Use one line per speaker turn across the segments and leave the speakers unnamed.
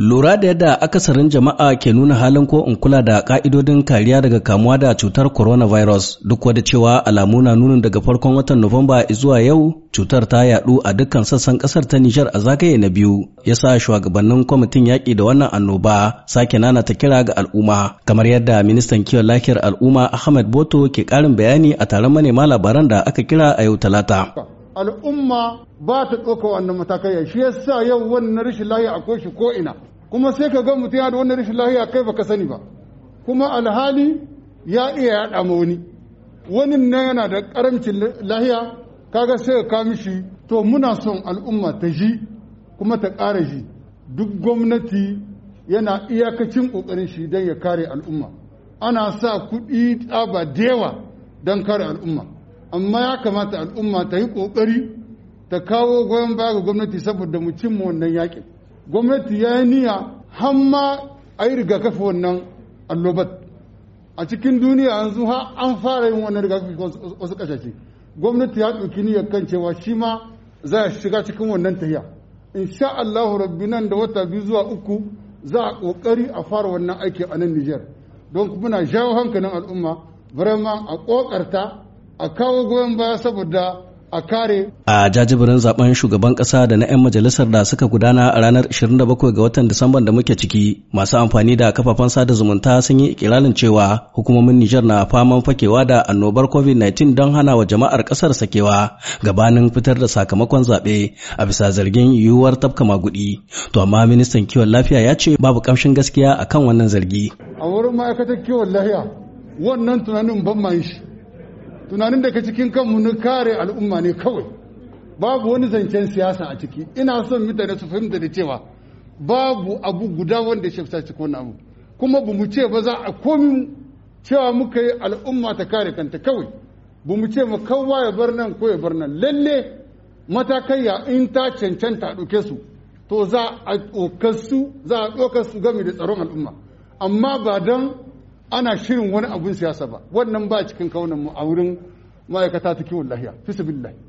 Lura da yadda akasarin jama'a ke nuna halin ko in kula da ka'idodin kariya daga kamuwa da cutar coronavirus duk wadda cewa alamu na nuna daga farkon watan Nuwamba zuwa yau cutar ta yadu a dukkan sassan kasar ta Nijar a zagaye na biyu ya sa shugabannin kwamitin yaƙi da wannan annoba sake nana ta kira ga al'umma kamar yadda ministan kiwon lafiyar al'umma Ahmed Boto ke ƙarin bayani a taron manema labaran da aka kira a yau Talata.
al'umma ba ta ɗauka wannan matakai shi yasa yau wannan rashin lahiya akwai shi ko ina kuma sai ka ga mutum ya da wannan rashin lahiya kai baka sani ba kuma alhali ya iya yaɗa ma wani wani nan yana da karamcin lahiya kaga sai ka kami shi to muna son al'umma ta ji kuma ta ƙara ji duk gwamnati yana iyakacin ƙoƙarin shi don ya kare al'umma ana sa kuɗi tsaba da yawa don kare al'umma amma ya kamata al'umma ta yi ƙoƙari ta kawo goyon baya ga gwamnati saboda mu cimma wannan yakin gwamnati ya yi niyya har a yi rigakafi wannan allobat a cikin duniya yanzu har an fara yin wannan rigakafi wasu ƙasashe gwamnati ya ɗauki niyyar kan cewa shi ma za a shiga cikin wannan tahiya insha Allahu rabbi nan da wata biyu zuwa uku za a ƙoƙari a fara wannan aiki a nan Nijar don muna jawo hankalin al'umma vraiment a ƙoƙarta a kawo goyon baya saboda a kare.
A jajibirin zaben shugaban kasa da na 'yan majalisar da suka gudana a ranar 27 ga watan Disamban da muke ciki, masu amfani da kafafen sada zumunta sun yi ikirarin cewa hukumomin Nijar na faman fakewa da annobar COVID-19 don hana wa jama'ar kasar sakewa gabanin fitar da sakamakon zaɓe a bisa zargin yiwuwar tafka magudi. To amma ministan kiwon lafiya ya ce babu kamshin gaskiya akan wannan zargi.
A wurin ma'aikatar kiwon lafiya wannan tunanin ban shi. tunanin da ka cikin kanmu na kare al'umma ne kawai babu wani zancen siyasa a ciki ina son mutane su fahimta da cewa babu abu guda wanda shi ta cikin abu kuma ba mu ce ba za a komi cewa muka yi al'umma ta kare kanta kawai ba mu ce kowa ya bar nan ko ya bar nan lalle ya in ta cancanta ɗauke su to za a ɗaukar su za a ɗaukar su game da tsaron al'umma amma ba don ana shirin wani abun siyasa ba wannan ba cikin kaunan mu a wurin ma'aikata ta kiwon lahiya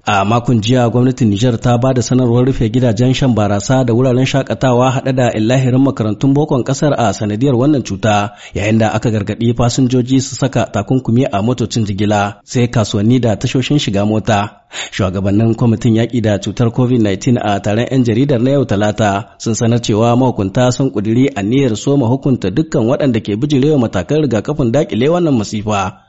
a makon jiya gwamnatin Nijar ta ba da sanarwar rufe gidajen shan barasa da wuraren shakatawa haɗe da illahirin makarantun bokon ƙasar a sanadiyar wannan cuta yayin da aka gargaɗi fasinjoji su saka takunkumi a motocin jigila sai kasuwanni da tashoshin shiga mota shugabannin kwamitin yaƙi da cutar covid-19 a taron 'yan jaridar na yau talata sun sanar cewa mahukunta sun ƙudiri a aniyar soma hukunta dukkan waɗanda ke bijirewa matakan rigakafin daƙile wannan masifa